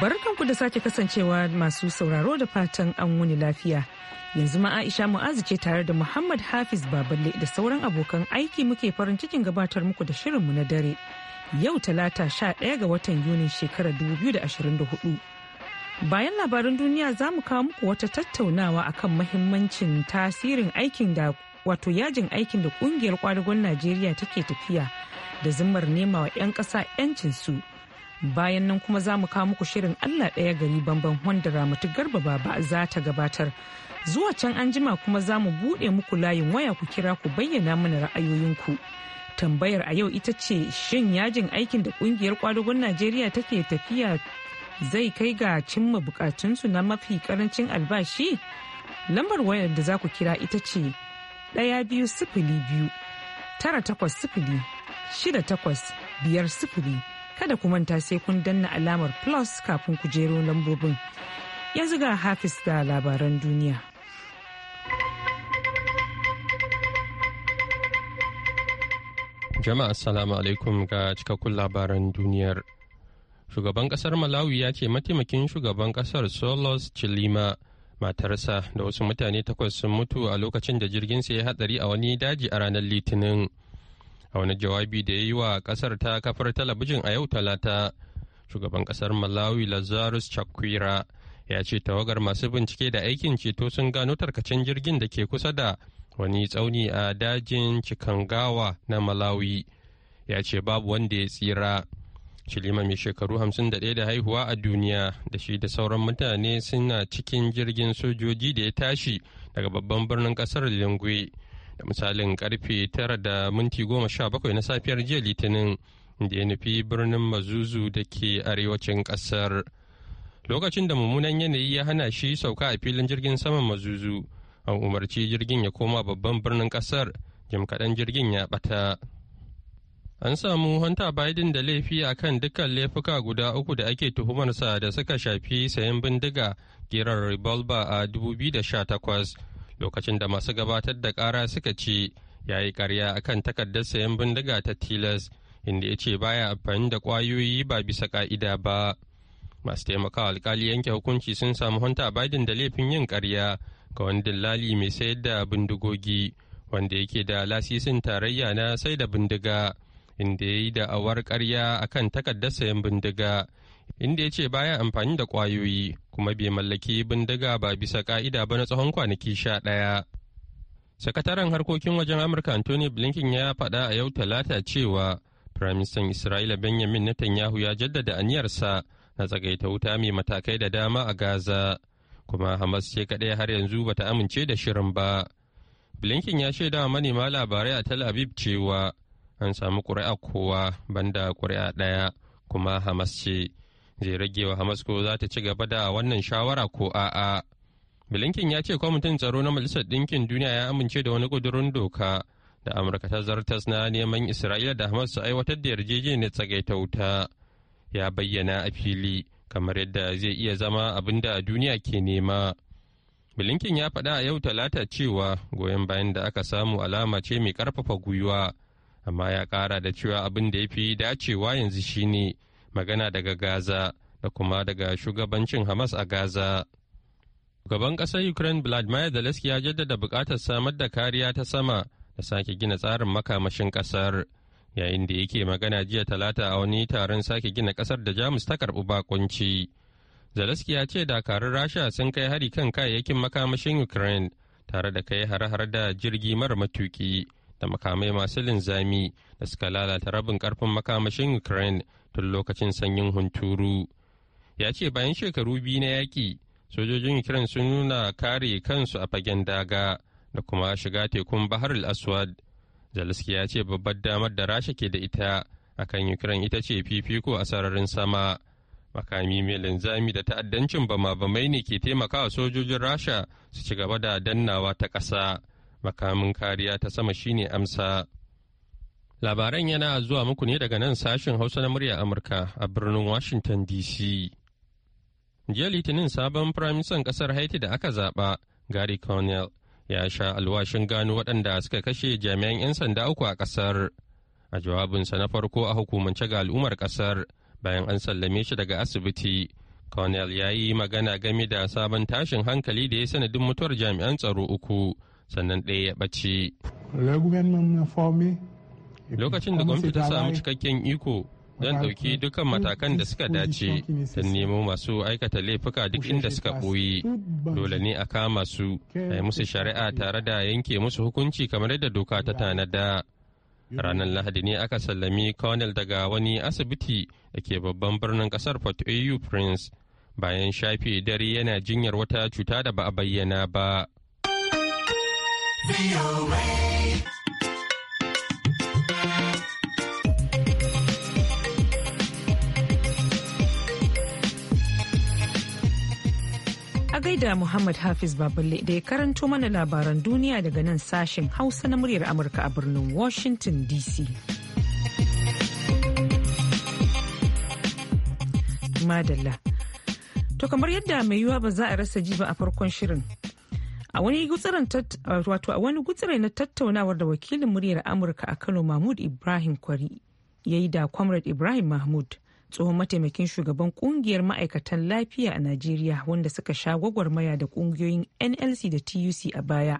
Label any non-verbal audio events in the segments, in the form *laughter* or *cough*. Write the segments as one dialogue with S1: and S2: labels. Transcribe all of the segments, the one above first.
S1: barkanku da sake kasancewa masu sauraro da fatan an wuni lafiya. Yanzu ma Aisha Mu'azu ce tare da Muhammad Hafiz Baballe da sauran abokan aiki muke farin cikin gabatar muku da shirin mu na dare. Yau talata sha 11 ga watan Yunin shekarar hudu Bayan labarin duniya za mu kawo muku wata tattaunawa akan mahimmancin tasirin aikin da wato yajin aikin da kungiyar kwadagon Najeriya take tafiya da zimmar nema wa 'yan ƙasa yancin su. bayan nan kuma za mu kawo muku shirin allah ɗaya gari banban wanda ramatu garba baba za ta gabatar zuwa can an jima kuma za mu buɗe muku layin waya ku kira ku bayyana mana ra'ayoyinku tambayar a yau ita ce shin yajin aikin da ƙungiyar kwadugun najeriya take tafiya zai kai ga cimma bukatunsu na mafi karancin albashi lambar wayar da za ku kira ita ce ɗaya biyu sifili biyu tara takwas sifili shida takwas biyar sifili kada ku manta sai kun danna alamar plus kafin ku jero lambobin yanzu ga hafiz da labaran duniya
S2: jama'a assalamu alaikum ga cikakkun labaran duniyar shugaban kasar malawi ya ce mataimakin shugaban kasar solos chilima matarsa da wasu mutane takwas sun mutu a lokacin da jirgin ya hatsari a wani daji a ranar litinin a wani jawabi da ya yi wa kasar ta kafar talabijin a yau talata shugaban kasar malawi lazarus chakwira ya ce tawagar masu bincike da aikin ceto sun gano tarkacen jirgin da ke kusa da wani tsauni a dajin cikangawa na malawi ya ce babu wanda ya tsira shilima mai shekaru 51 da haihuwa a duniya da shi da sauran mutane suna cikin jirgin sojoji da ya tashi daga babban birnin kasar lingwe da misalin karfe tara da minti goma na safiyar jiya litinin da ya nufi birnin mazuzu da ke arewacin kasar lokacin da mummunan yanayi ya hana shi sauka a filin jirgin saman mazuzu an umarci jirgin ya koma babban birnin kasar jim kaɗan jirgin ya ɓata an samu hanta biden da laifi a kan dukkan laifuka guda uku da ake tuhumarsa da suka shafi sayan bindiga gerar revolver a 2018 lokacin da masu gabatar da kara suka ce ya yi a akan takardar sayan bindiga ta tilas inda ya ce baya amfani da kwayoyi ba bisa ka'ida ba masu taimakawa alkali yanke hukunci sun samu hunter biden da laifin yin karya ga wani dillali mai sayar da bindigogi wanda yake da lasisin tarayya na sai da bindiga inda ya yi da'awar karya akan takardar sayan bindiga inda ya ce baya amfani da kwayoyi kuma bai mallaki bindiga ba bisa ka'ida ba na tsawon kwanaki sha ɗaya. Sakataren harkokin wajen Amurka Anthony Blinken ya faɗa a yau talata cewa Firaministan Isra'ila Benjamin Netanyahu ya jaddada aniyarsa na tsagaita wuta mai matakai da dama a Gaza, kuma Hamas ce kaɗai har yanzu bata amince da shirin ba. Blinken ya shaida wa manema labarai a Tel Aviv cewa an samu ƙuri'a kowa banda ƙuri'a ɗaya kuma Hamas ce zai rage wa hamas ko za ta ci gaba da wannan shawara ko a'a bilinkin ya ce kwamitin tsaro na majalisar dinkin duniya ya amince da wani ƙudurin doka da amurka ta zartas na neman isra'ila da hamas su aiwatar da yarjejeniyar tsagaita wuta ya bayyana a fili kamar yadda zai iya zama abin da duniya ke nema bilinkin ya faɗa a yau talata cewa goyon bayan da aka samu alama ce mai ƙarfafa gwiwa amma ya ƙara da cewa abin da ya fi dacewa yanzu shine magana daga Gaza da kuma daga shugabancin Hamas a Gaza. Gaban ƙasar Ukraine Vladimir Zelensky ya jaddada buƙatar samar da kariya ta sama da sake gina tsarin makamashin ƙasar. Yayin da yake magana jiya talata a wani taron sake gina ƙasar da Jamus ta karɓi bakunci. Zelensky ya ce dakarun Rasha sun kai hari kan kayayyakin makamashin Ukraine tare da kai hare-hare da jirgi mara matuki. da makamai masu linzami da suka lalata rabin karfin makamashin ukraine tun lokacin sanyin hunturu ya ce bayan shekaru biyu na yaƙi sojojin ukraine sun nuna kare kansu a fagen daga da kuma shiga tekun bahar al aswad zaliski ya ce babbar damar da rasha ke da ita akan ukraine ita ce fifiko a sararin sama makami mai linzami da ta'addancin bama-bamai ne ke taimakawa sojojin rasha su ci gaba da dannawa ta ƙasa makamin kariya ta sama shine amsa labaran yana zuwa muku ne daga nan sashen hausa na murya amurka a birnin washington dc jiya litinin sabon firaministan kasar haiti da aka zaba gary cornell ya sha alwashin gano waɗanda suka kashe jami'an 'yan sanda uku a kasar a jawabinsa na farko a hukumance ga al'ummar kasar bayan an sallame shi daga asibiti cornell ya yi magana game da sabon tashin hankali da ya sanadin mutuwar jami'an tsaro uku sannan ɗaya ya ɓace. Lokacin da gwamnati ta samu cikakken iko don ɗauki dukkan matakan da suka dace don nemo masu aikata laifuka duk inda suka ɓoye dole ne a kama su a yi musu shari'a tare da yanke musu hukunci kamar yadda doka ta tanada ranar lahadi ne aka sallami colonel daga wani asibiti da ke babban birnin kasar port au prince bayan shafe dare yana jinyar wata cuta da ba a bayyana ba
S3: A
S1: gaida Muhammad Hafiz Baballe da ya karanto mana labaran duniya daga nan sashen Hausa na muryar Amurka a birnin Washington DC. Madalla. To kamar yadda mai yiwuwa ba za a rasa ji ba a farkon shirin a wani gutsire na tattaunawar da wakilin muryar amurka a kano mahmud ibrahim kwari ya yi da comrade ibrahim mahmud tsohon mataimakin shugaban kungiyar ma'aikatan lafiya a najeriya wanda suka sha gwagwarmaya da kungiyoyin nlc da tuc a baya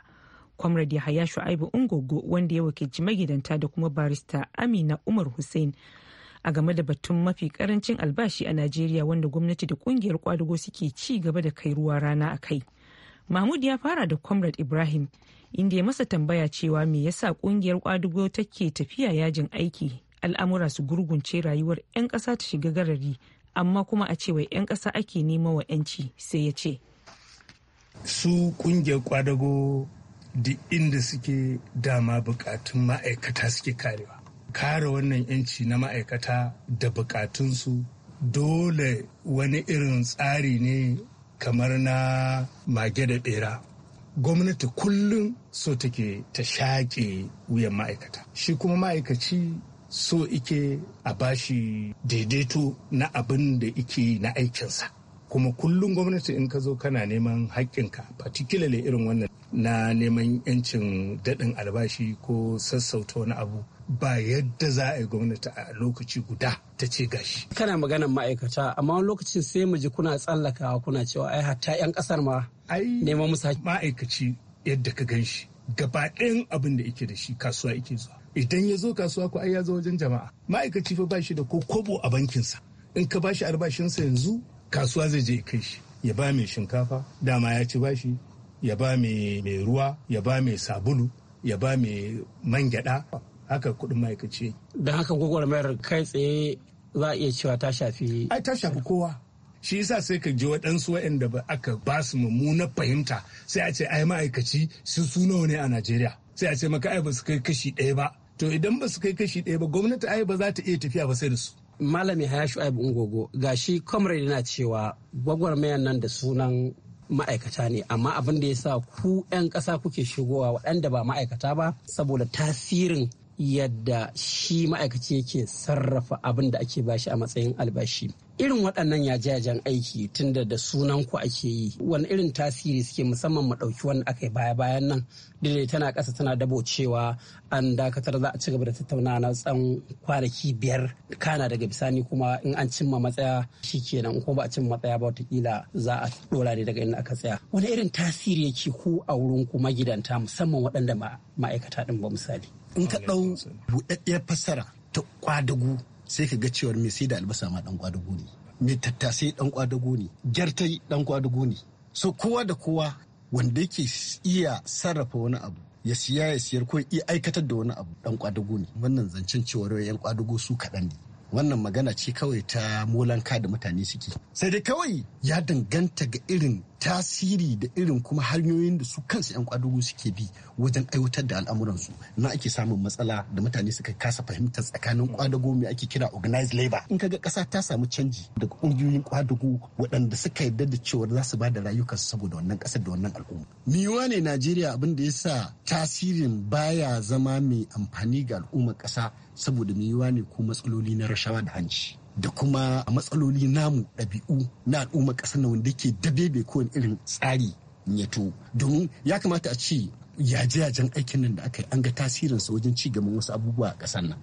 S1: comrade yahaya shu'aibu ungogo wanda ya wakilci magidanta da kuma barista amina umar hussein a game da batun mafi karancin albashi a najeriya wanda gwamnati da kungiyar kwadugo suke ci gaba da kai ruwa rana a kai mahmud ya fara da comrade ibrahim inda ya masa tambaya cewa me yasa kungiyar kwadugo take tafiya yajin aiki al'amura su gurgunce rayuwar 'yan ƙasa ta shiga garari amma kuma a cewa 'yan ƙasa ake nema wa 'yanci sai ya ce
S3: su kungiyar kwadago da inda suke dama bukatun ma'aikata suke karewa kare wannan 'yanci na ma'aikata da bukatunsu dole wani irin tsari ne kamar na mage da bera gwamnati kullum so take ta shaƙe wuyan ma'aikata shi kuma ma'aikaci so ike a bashi daidaito na abin da ike na aikinsa kuma kullum gwamnati in ka zo kana neman haƙƙinka particularly irin wannan na neman 'yancin daɗin albashi ko sassauta wani abu ba yadda za a yi gwamnati a lokaci guda ta ce gashi.
S4: Kana maganar ma'aikata amma wani lokacin sai mu ji kuna tsallakawa kuna cewa ai hatta 'yan kasar
S3: ma neman musa. Ma'aikaci yadda ka gan shi gaba ɗayan abin da yake da shi kasuwa yake zuwa. Idan ya zo kasuwa ko ai ya zo wajen jama'a. Ma'aikaci fa ba shi da ko kobo a sa. In ka ba shi sa yanzu kasuwa zai je kai shi. Ya ba mai shinkafa dama ya ci bashi ya ba mai ruwa ya ba mai sabulu ya ba mai man gyada haka kudin ma'aikaci. Da haka gwagwarmayar kai tsaye za a iya cewa ta shafi. Ai ta shafi kowa. Shi yasa sai ka ji waɗansu waɗanda ba aka ba su mummunar fahimta sai a ce ai ma'aikaci su su nawa ne a Najeriya. Sai a ce maka ai ba su kai kashi ɗaya ba. To idan ba su kai kashi ɗaya ba gwamnati ai ba za ta iya tafiya ba sai da su. Malami
S4: Haya Shu'aib ga shi comrade yana cewa gwagwarmayar nan da sunan ma'aikata ne amma abin da ya sa ku 'yan ƙasa kuke shigowa waɗanda ba ma'aikata ba saboda tasirin yadda shi ma'aikaci yake sarrafa abin da ake bashi a matsayin albashi irin waɗannan yajajen aiki tunda da sunan ku ake yi wani irin tasiri suke musamman mu ɗauki wanda aka yi baya bayan nan dai tana ƙasa tana dabo cewa an dakatar za a ci gaba da tattauna na tsan kwanaki biyar kana daga bisani kuma in an cimma matsaya shi kenan ko ba a cimma matsaya ba watakila za a ɗora ne daga inda aka tsaya wani irin tasiri yake ku a wurin ku magidanta musamman waɗanda ma'aikata ɗin ba misali in ka ɗau buɗaɗɗiyar fassara ta kwadago sai ka ga cewar mai sai da albasa ma ɗan kwadago ne mai tattasai ɗan kwadago ne gyartai ɗan kwadago ne so kowa da kowa wanda yake iya sarrafa wani abu ya siya ya siyar ko iya aikatar da wani abu ɗan kwadago ne wannan zancen cewar yan kwadago su kaɗan ne wannan magana ce kawai ta molanka da mutane suke sai dai kawai ya danganta ga irin tasiri da irin kuma hanyoyin da su kansu 'yan kwadugu suke bi wajen aiwatar da al'amuransu na ake samun matsala da mutane suka kasa fahimtar tsakanin kwadago mai ake kira organized labor in kaga kasa ta samu canji daga ƙungiyoyin ƙwadago waɗanda suka yarda da cewa za su ba da rayukansu saboda wannan ƙasar da wannan al'umma miwa ne najeriya abin da ya sa tasirin baya zama mai amfani ga al'ummar ƙasa saboda miwa ne ko matsaloli na rashawa da hanci da kuma a matsaloli namu ɗabi'u na al'ummar ƙasar na wanda ke dabebe kowane irin tsari to domin ya kamata a ce yaje-yajen aikin nan da aka yi an ga tasirinsa wajen ci gaban wasu abubuwa a ƙasar nan.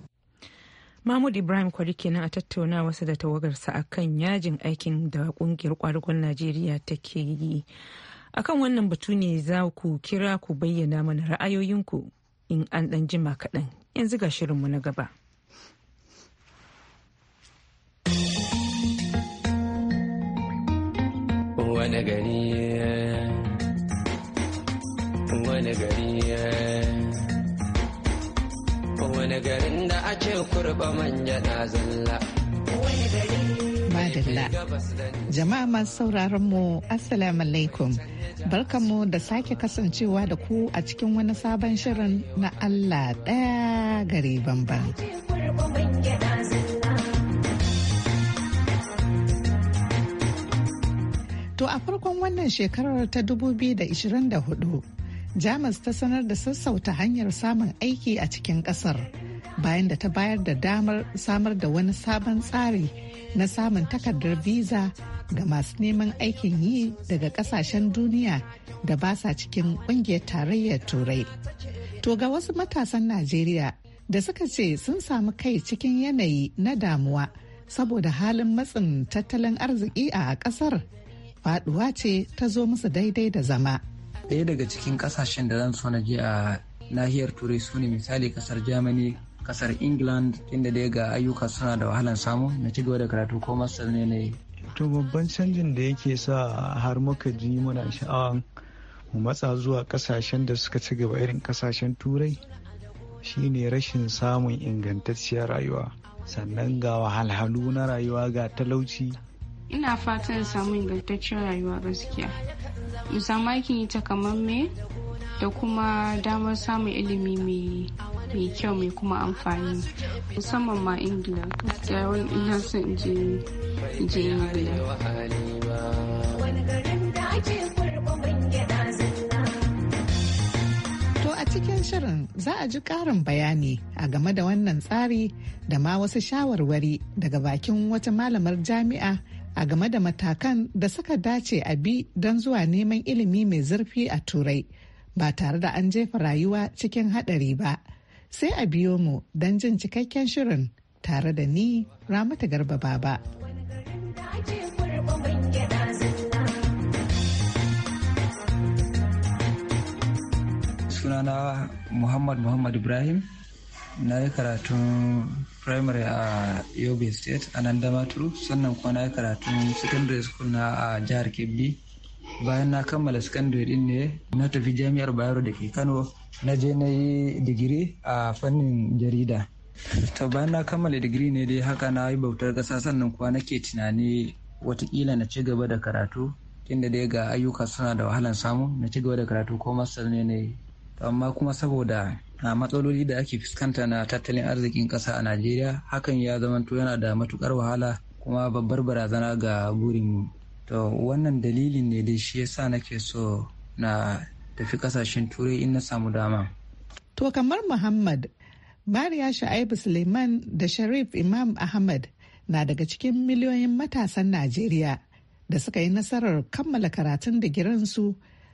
S1: Mahmud Ibrahim Kwari kenan a tattauna wasu da tawagarsa a kan yajin aikin da kungiyar kwadugon Najeriya take yi. a kan wannan batu ne za ku kira ku bayyana mana ra'ayoyinku in an ɗan jima kaɗan yanzu ga shirinmu na gaba.
S5: wani gari wani gari wani garin da ake kurba manya na zalla
S1: wani
S6: gari Madalla. Jama'a masu sauraron mu Assalamu alaikum. barkamu da sake kasancewa da ku a cikin wani sabon shirin na Allah ɗaya gari bamban. To a farkon wannan shekarar ta 2024, Jamus ta sanar da sassauta hanyar samun aiki a cikin kasar bayan da ta bayar da damar samar da wani sabon tsari na samun takardar visa ga masu neman aikin yi daga kasashen duniya da ba sa cikin kungiyar tarayyar turai. To ga wasu matasan Najeriya da suka ce sun samu kai cikin yanayi na damuwa saboda halin matsin tattalin arziki a ƙasar faduwa ce ta zo musu daidai da zama.
S5: Ɗaya daga cikin ƙasashen da zan so na je a nahiyar turai su ne misali kasar Germany, kasar England inda dai ga ayyuka suna da wahalan samu na ci gaba
S7: da karatu ko masar ne na To babban canjin da yake sa har muka ji muna sha'awan mu matsa zuwa ƙasashen da suka ci gaba irin ƙasashen turai shine rashin samun ingantacciyar rayuwa sannan ga wahalhalu na rayuwa ga talauci
S8: ina fatan samu ingantaccen rayuwa gaskiya musamman samu aikin yi takamamme da kuma damar samun ilimi mai kyau mai kuma amfani musamman ma ingila gaskiya wani ina son in je ingila
S6: cikin shirin za a ji ƙarin bayani a game da wannan tsari da ma wasu shawarwari daga bakin wata malamar jami'a a game da matakan da suka dace a bi don zuwa neman ilimi mai zurfi a turai ba tare da an jefa rayuwa cikin haɗari ba sai a biyo mu don jin cikakken shirin tare da ni ramata garba baba.
S5: sunana muhammad muhammad ibrahim na yi karatun primary a yobe state a nan damaturu sannan kuma na yi karatun secondary school na a jihar kebbi bayan na kammala secondary din ne na tafi jami'ar bayero da ke kano na je na yi digiri a fannin jarida to bayan na kammala digiri ne dai haka na yi bautar ƙasa sannan na nake tunani watakila na ci gaba da karatu tunda dai ga ayyuka suna da wahalan samu na ci gaba da karatu ko masar ne ne amma kuma saboda matsaloli da ake fuskanta na tattalin arzikin ƙasa a najeriya hakan ya zamanto yana da matukar wahala kuma babbar barazana ga burin to wannan dalilin ne da shi yasa nake so na tafi kasashen turai in na samu dama
S6: to kamar muhammad mariya sha'ibu suleiman da sharif imam ahmad na daga cikin miliyoyin matasan najeriya da suka yi nasarar kammala karatun da giransu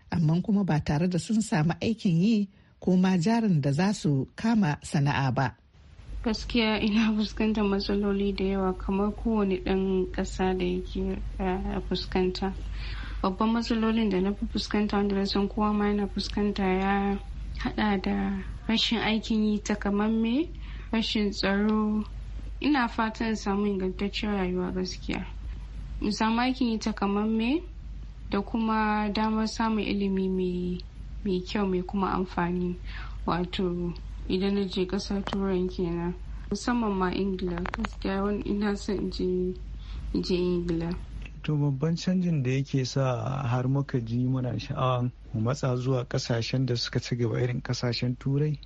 S6: amma kuma ba tare da sun samu aikin yi ko ma jarin da za su kama sana'a ba.
S8: gaskiya ina *laughs* fuskantar matsaloli da yawa kamar kowane ɗan ƙasa da yake eh, fuskanta babban matsalolin da na fi fuskanta wanda na san kowa ma yana fuskanta ya haɗa da rashin aikin yi takamamme rashin tsaro ina fatan samu ingantaccen rayuwa gaskiya in samu aikin yi takamamme da kuma damar samun ilimi mai mai kyau mai kuma amfani wato idan na je kasar turai kenan musamman ma ingila gaskiya wani ina son je je ingila
S7: to babban canjin da yake sa har muka ji muna sha'awan mu matsa zuwa kasashen da suka ci gaba irin kasashen turai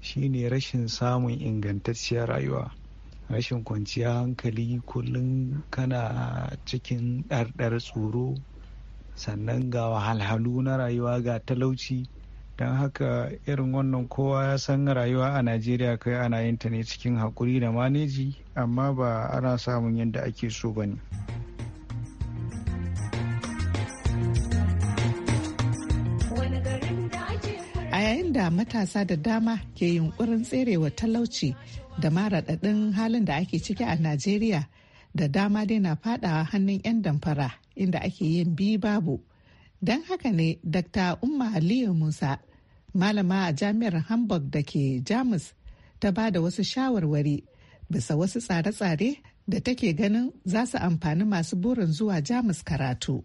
S7: shine rashin samun ingantacciyar rayuwa rashin kwanciyar hankali kullum kana cikin ɗarɗar tsoro sannan ga wahalhalu na rayuwa ga talauci don haka irin wannan kowa ya san rayuwa a najeriya kai ana yin ta ne cikin hakuri da maneji amma ba ana samun yadda ake so ba ne
S6: a yayin da matasa da dama ke yunkurin tserewa talauci da maraɗaɗin halin da ake ciki a najeriya da dama dai na fadawa hannun 'yan damfara inda ake yin bi babu don haka ne dr umma aliyu musa malama a jami'ar hamburg da ke jamus ta ba da wasu shawarwari bisa wasu tsare-tsare da take ganin za su amfani masu burin zuwa jamus karatu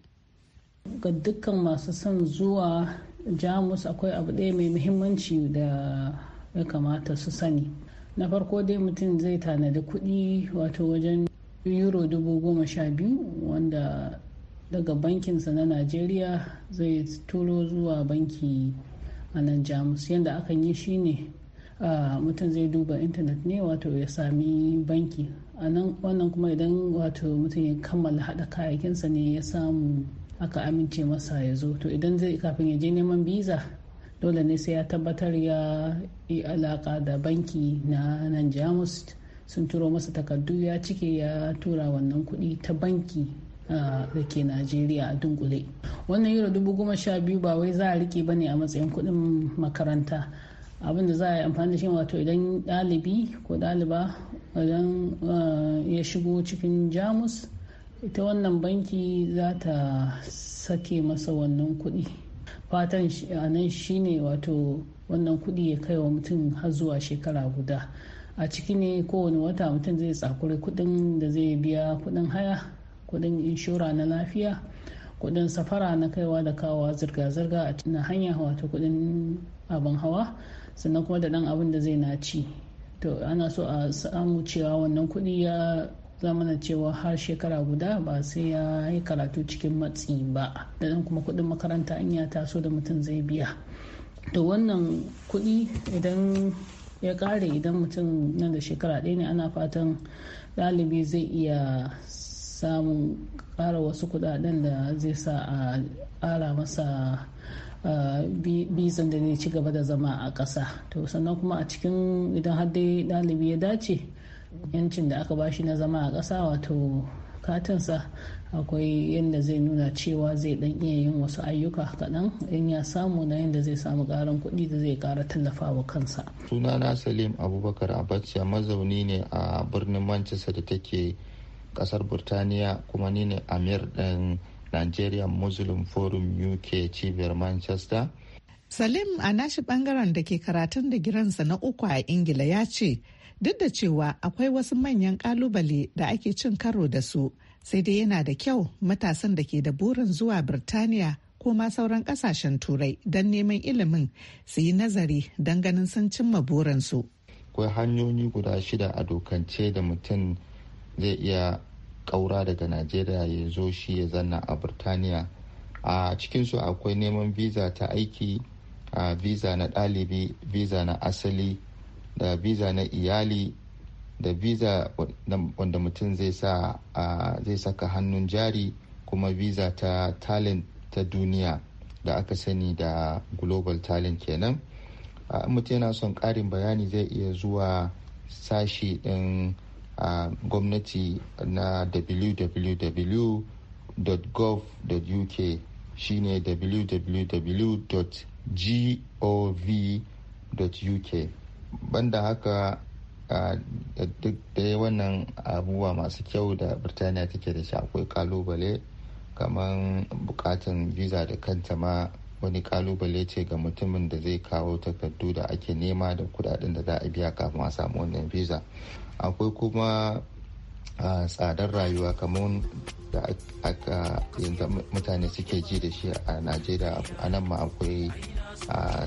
S6: ga dukkan
S9: masu son zuwa jamus akwai abu ɗaya mai muhimmanci da ya kamata su sani na farko dai mutum zai tanadi kuɗi wato wajen euro dubu goma sha biyu wanda daga bankinsa na najeriya zai turo zuwa banki a nan jamus yadda akan yi shine mutum zai duba intanet ne wato ya sami banki a wannan kuma idan wato mutum ya kammala haɗa kayakinsa ne ya samu aka amince masa ya zo to idan zai kafin ya je neman biza dole ne sai ya tabbatar ya yi alaka da banki na nan jamus sun turo masa takardu ya cike ya tura wannan kuɗi ta banki da ke najeriya a dunkule wannan euro dubu goma sha biyu ba wai za a rike ba ne a matsayin kuɗin makaranta abinda za a yi amfani da shi wato idan ɗalibi ko ɗaliba idan ya shigo cikin jamus ita wannan banki za ta sake masa wannan kuɗi fatan anan nan ne wato wannan kuɗi ya kai wa mutum har zuwa shekara guda a ciki ne kowane wata mutum zai tsakuri kuɗin da zai biya kuɗin haya kudin inshora na lafiya kudin safara na kaiwa da kawowa zirga-zirga a na hanya ta kudin abin hawa sannan kuma da dan abin da zai na ci to ana so a samu cewa wannan kudi ya zama zamana cewa har shekara guda ba sai ya yi karatu cikin matsi ba da dan kuma kudin makaranta in ya taso da mutum zai biya to wannan kudi idan ya kare idan mutum nan da shekara ɗaya ne ana fatan ɗalibi zai iya samun ƙara wasu kudaden da zai sa a ƙara masa bizan da zai ci gaba da zama a ƙasa to sannan kuma a cikin idan har dai ɗalibi ya dace yancin da aka bashi na zama a ƙasa wato katinsa akwai yadda zai nuna cewa zai dan iya yin wasu ayyuka kaɗan in ya samu na yadda zai samu ƙarin kuɗi da zai ƙara tallafawa kansa.
S10: sunana salim abubakar abacha mazauni ne a birnin manchester da take kasar burtaniya kuma ni ne amir din nigerian muslim forum uk cibiyar manchester
S6: salim a nashi bangaren da ke karatun da giransa na uku a ingila ya ce duk da cewa akwai wasu manyan kalubale da ake cin karo da su sai dai yana da kyau matasan da ke da burin zuwa birtaniya ko ma sauran kasashen turai don neman ilimin su yi nazari don ganin sun cimma burinsu.
S10: akwai hanyoyi guda shida a dokance da mutum zai iya ƙaura daga najeriya ya zo shi ya zanna a burtaniya a cikinsu akwai neman visa ta aiki a visa na ɗalibi visa na asali da visa na iyali da visa wanda mutum zai sa zai saka hannun jari kuma visa ta talent ta duniya da aka sani da global talent kenan mutum yana son ƙarin bayani zai iya zuwa sashi ɗin a gwamnati na www.gov.uk shine www.gov.uk banda haka duk da wannan abubuwa masu kyau da birtaniya take da shi akwai kalubale kamar bukatan visa da kanta ma wani kalubale ce ga mutumin da zai kawo takardu da ake nema da kudaden da za a biya kafin a samu wannan visa akwai kuma tsadar rayuwa kamar da aka yanzu mutane suke ji da shi a najeriya a nan ma akwai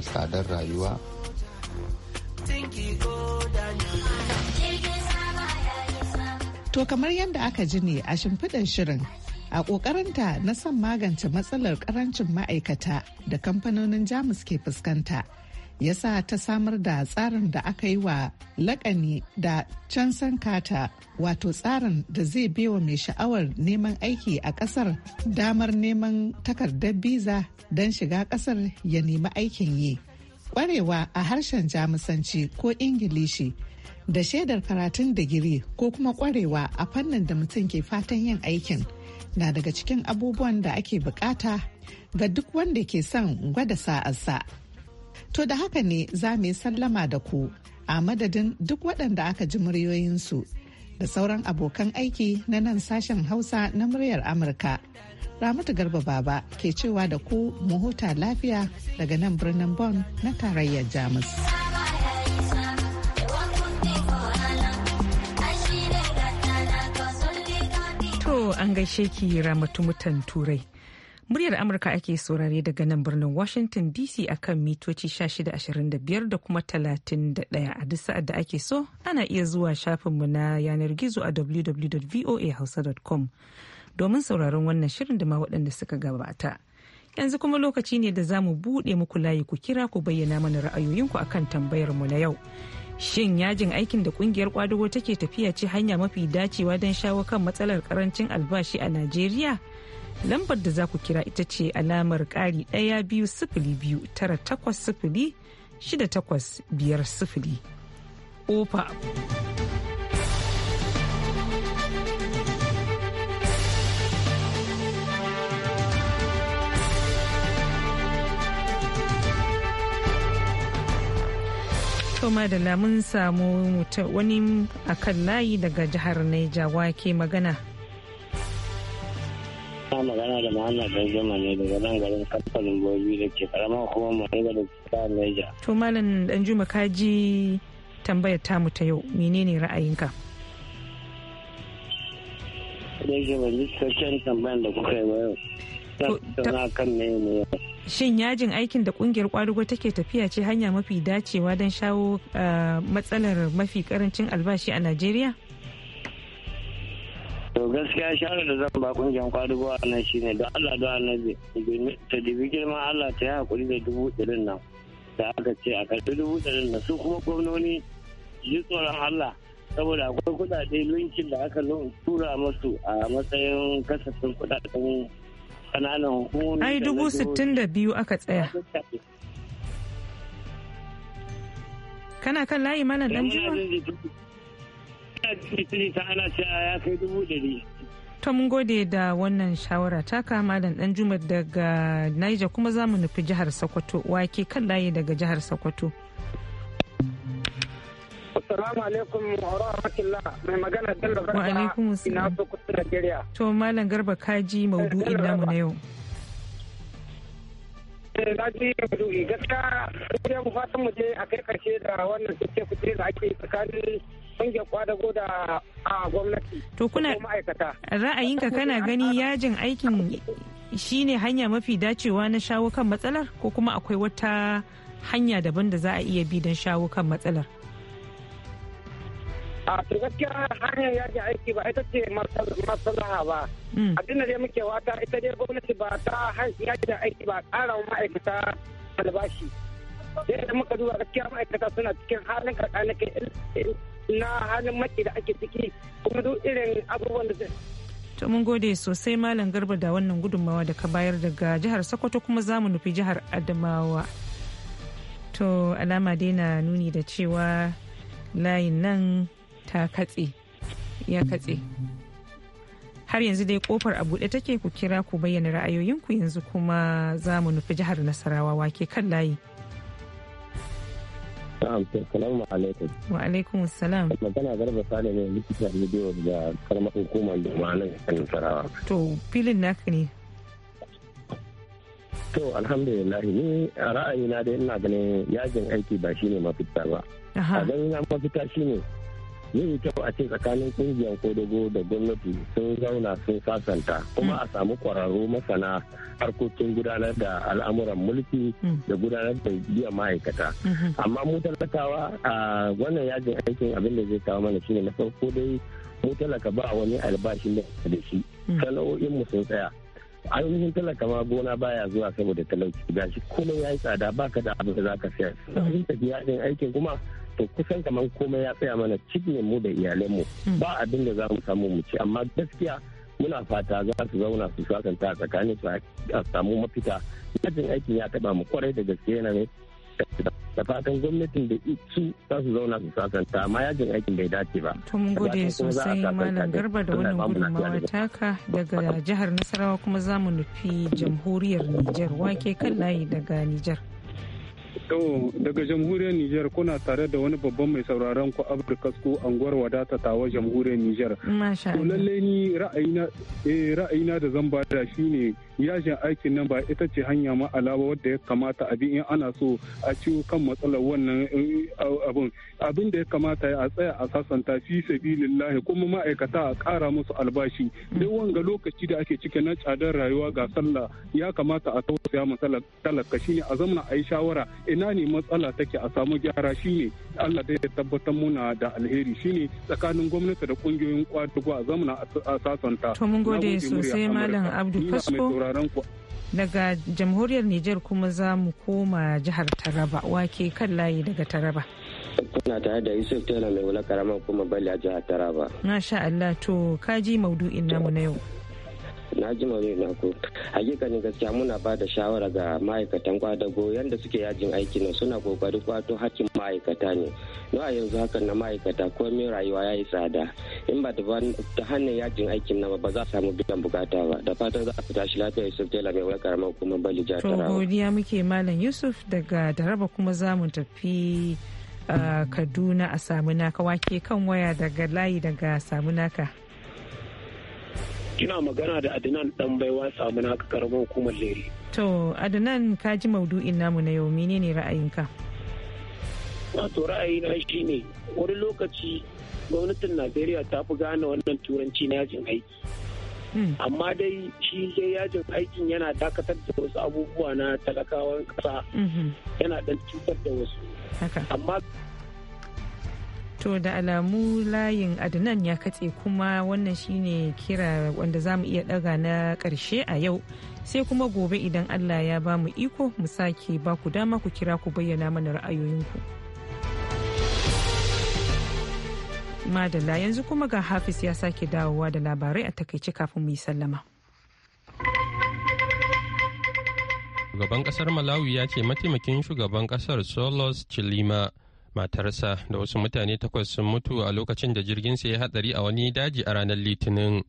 S10: tsadar rayuwa
S6: To kamar yadda aka ji ne a shimfiɗar shirin a ƙoƙarinta na son magance matsalar ƙarancin ma'aikata da kamfanonin Jamus ke fuskanta ya sa ta samar da tsarin da aka yi wa lakani da cansan kata wato tsarin da zai baiwa mai sha'awar neman aiki a kasar damar neman takardar biza don shiga kasar ya nemi aikin yi kwarewa a harshen jamusanci ko ingilishi da shaidar karatun digiri ko kuma kwarewa a fannin da mutum ke fatan yin aikin na daga cikin abubuwan da ake bukata ga duk wanda ke son gwada sa'arsa To da haka ne za mu yi sallama da ku a madadin duk waɗanda aka ji muryoyinsu da sauran abokan aiki na nan sashen Hausa na muryar Amurka. Ramatu Garba Baba ke cewa da ku mu huta lafiya daga nan birnin Bon na tarayyar Jamus.
S5: To
S1: an gaishe ki Ramatu mutan Turai. Muryar Amurka ake saurare daga nan birnin Washington DC a kan mitoci 1625 da kuma 31 a duk sa'ad da ake so ana iya zuwa shafinmu na yanar gizo a www.voahausa.com domin sauraron wannan shirin da ma waɗanda suka gabata. Yanzu kuma lokaci ne da za mu buɗe muku layi ku kira ku bayyana mana ra'ayoyinku akan tambayar mu na yau. Shin yajin aikin da kungiyar kwadugo take tafiya ce hanya mafi dacewa don shawo kan matsalar karancin albashi a Najeriya? lambar da za ku kira ita ce alamar ƙari ɗaya biyu sifili biyu tara takwas sifili shida takwas biyar sifili Opa. Toma da lamun samu wani akan layi daga jihar Neja wake magana
S11: magana da Muhammad Danjuma ne daga nan garin kamfanin Bobi da ke karamar hukumar Mariga da ta meja.
S1: To Malam juma ka ji tambayar tamu ta yau menene ra'ayinka?
S11: yake ban ji cikakken tambayar da kuka yi ba yau.
S1: Shin yajin aikin da kungiyar kwadugo take tafiya ce hanya mafi dacewa don shawo eh, matsalar mafi karancin albashi a Najeriya?
S2: to
S11: gaskiya shawarar da zan ba kungiyar kwadugo a nan shine da Allah da annabi ta dibi girma Allah ta yi hakuri da dubu ɗarin nan da aka ce a karɓi dubu ɗarin nan su kuma gwamnoni ji tsoron Allah saboda akwai kuɗaɗe linkin da aka tura masu a matsayin kasafin kuɗaɗen kananan hukumomi. Ai dubu sittin
S1: da biyu aka tsaya. Kana kan layi mana dan jima?
S11: tom
S1: To mun gode da wannan shawara ta kama da dan juma daga Niger kuma za mu nufi jihar Sokoto wake kan layi daga jihar Sokoto.
S11: Assalamu alaikum wa rahmatullah mai magana dan da Wa alaikum Ina Sokoto Nigeria.
S1: To Malam Garba kaji maudu'in namu na yau.
S11: Eh, na ji maudu'i gaskiya mu fatan mu je a kai karshe da wannan kuce kuce da ake tsakanin kungiyar kwadago da a gwamnati to kuna
S1: ra'ayinka kana gani yajin aikin shine hanya mafi dacewa na shawo kan matsalar ko kuma akwai wata hanya daban da za a iya bi don shawo kan matsalar
S11: a to gaskiya hanyar yajin aiki ba ita ce maslaha ba mm. abinda dai muke wata ita dai gwamnati ba ta yajin aiki ba ƙara wa ma'aikata albashi yadda muka duba gaskiya ma'aikata suna cikin halin karkanikin na halin maki da ake ciki kuma duk irin abubuwan da
S1: to mun gode sosai malam garba da wannan gudunmawa da ka bayar daga jihar sokoto kuma za mu nufi jihar adamawa to alama dai na nuni da cewa layin nan ta katse ya katse har yanzu dai kofar a buɗe take ku kira ku bayyana ra'ayoyinku yanzu kuma za mu nufi jihar nasarawa wake kan layi.
S11: Na'am, salamu alaikum. Wa alaikum salam. Magana garba sale ne rediyo da karamar hukumar da ma'anar kan sarawa.
S1: To, filin naka ne.
S11: To, alhamdulillah ni a ra'ayina dai ina ganin yajin aiki ba shine mafita ba. A ganin mafita shine zai kyau a ce tsakanin kungiyar kodago da gwamnati sun zauna sun sasanta kuma a samu kwararru masana harkokin gudanar da al'amuran mulki da gudanar da biyan ma'aikata amma mu talakawa a wannan yajin aikin abin da zai kawo mana shine na farko dai mu talaka ba wani albashin da da shi sana'o'in mu sun tsaya ainihin talaka ma gona baya zuwa saboda talauci gashi komai ya yi tsada baka da abin da zaka sayar sun tafi yajin aikin kuma to kusan kamar komai ya tsaya mana cikin mu da iyalanmu hmm. ba abin da za mu samu mu ci amma gaskiya muna fata za su zauna su shakanta a tsakanin su a samu mafita yajin aikin ya taba mu kwarai da gaske yana ne da fatan gwamnatin da su za su zauna su sasanta amma yajin aikin bai dace ba. To mun gode sosai Malam Garba da wannan gudunmawa
S1: taka daga jihar Nasarawa kuma za mu nufi jamhuriyar Nijar wake kan layi daga Nijar.
S3: To daga jamhuriyar Nijar kuna tare da wani babban mai sauraron ku Afirka ko anguwar wadata tawa jamhuriyar Nijar. To lalle ni eh, ra'ayina da zan bada shine yajin aikin nan ba ita ce hanya ma alawa wadda ya kamata abi in ana so a ciwo kan matsalar wannan eh, abin abin da ya kamata a tsaya a sasanta fi sabilillahi kuma ma'aikata a kara musu albashi duk wanga lokaci da ake cike na tsadar rayuwa ga sallah ya kamata a tausaya matsalar talaka shine a zamana a yi shawara in ina ne matsala take a samu gyara shine Allah da ya tabbatar muna da alheri shine tsakanin gwamnati da kungiyoyin kwadugo a zamana a sasanta. To mun gode sosai Malam Abdu Fasko.
S1: Daga jamhuriyar Nijar kuma za mu koma jihar Taraba wake kan layi daga Taraba. Kuna
S11: tare da Yusuf Tela mai wula karamar kuma bali a jihar Taraba.
S1: Masha Allah to kaji maudu'in namu na yau.
S11: na ji ku hakika ne gaskiya muna ba da shawara ga ma'aikatan kwadago yadda suke yajin aiki ne suna kokari kwato hakkin ma'aikata ne no a yanzu hakan na ma'aikata komai rayuwa ya yi tsada in ba ta hannun yajin aikin nan ba za a samu biyan bukata ba da fatan za a fita shi lafiya yusuf tela mai wakar kuma bali ja to godiya
S1: muke malam yusuf daga daraba kuma za mu tafi ah, kaduna a samunaka wake kan waya daga layi daga samunaka
S11: kina magana da Adnan dan baiwa samuna karamar hukumar Lere.
S1: To Adnan ka ji maudu'in namu na yau menene ra'ayinka?
S11: Wato ra'ayi na shi ne wani lokaci gwamnatin Najeriya ta fi gane wannan turanci na yajin aiki. Hmm. Amma dai shi dai yajin aikin yana dakatar da wasu abubuwa na talakawan kasa hmm. yana dan cutar da wasu. Amma
S1: to da alamu layin adnan ya katse kuma wannan shine kira wanda za mu iya daga na karshe a yau sai kuma gobe idan allah ya ba mu iko mu sake ba ku dama ku kira ku bayyana mana ra'ayoyinku madala yanzu kuma ga hafiz ya sake dawowa da labarai a takaice kafin mu yi sallama
S2: shugaban kasar malawi ya ce mataimakin shugaban kasar solos chilima matarsa da wasu mutane takwas sun mutu a lokacin da jirgin su ya hatsari a wani daji a ranar litinin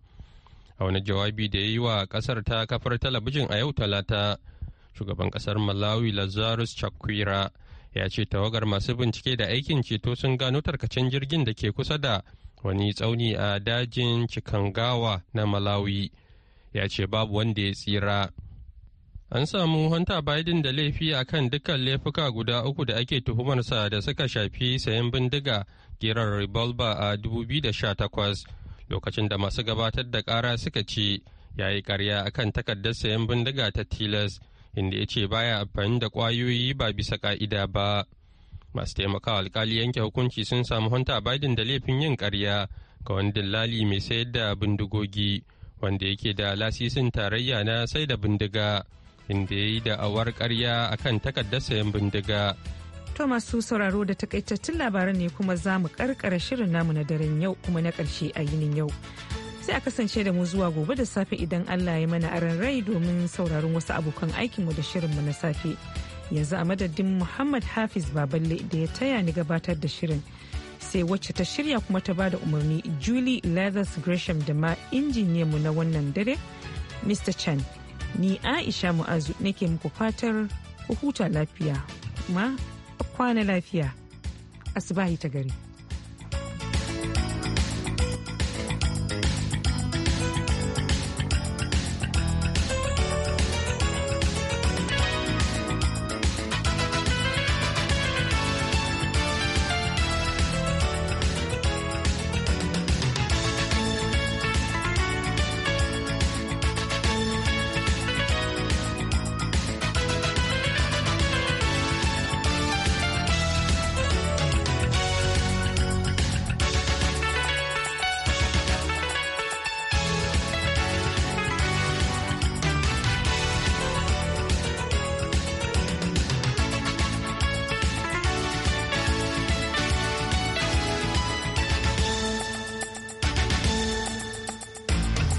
S2: a wani jawabi da ya yi wa kasar ta kafar talabijin a yau talata shugaban kasar malawi lazarus chakwira ya ce tawagar masu bincike da aikin ceto sun gano tarkacen jirgin da ke kusa da wani tsauni a dajin chikangawa na malawi ya ce babu wanda ya tsira An samu Hunter Biden da laifi a kan dukkan laifuka guda uku da ake tuhumarsa da suka shafi sayan bindiga gerar revolver a 2018 lokacin da masu gabatar da kara suka ce ya yi karya a kan takardar sayan bindiga ta tilas inda ya ce baya amfani da kwayoyi ba bisa ka'ida ba. Masu taimakawa alkali yanke hukunci sun samu Hunter Biden da laifin yin karya ga wani dillali mai sayar da bindigogi wanda yake da lasisin tarayya na sai da bindiga. inda ya yi da da'awar karya kan takardar sayan bindiga.
S1: To masu sauraro da takaitattun labaran ne kuma za mu karkara shirin namu na daren yau kuma na karshe a yinin yau. Sai a kasance da mu zuwa gobe da safe idan Allah ya mana aran rai domin sauraron wasu abokan aikinmu da shirin mu na safe. Yanzu a madadin Muhammad Hafiz Baballe da ya taya ni gabatar da shirin. Sai wacce ta shirya kuma ta bada umarni Julie Leathers Gresham da ma mu na wannan dare, Mr. Chan. ni aisha mu'azu nake muku fatar ku huta lafiya kuma kwana lafiya asibahi ta gari.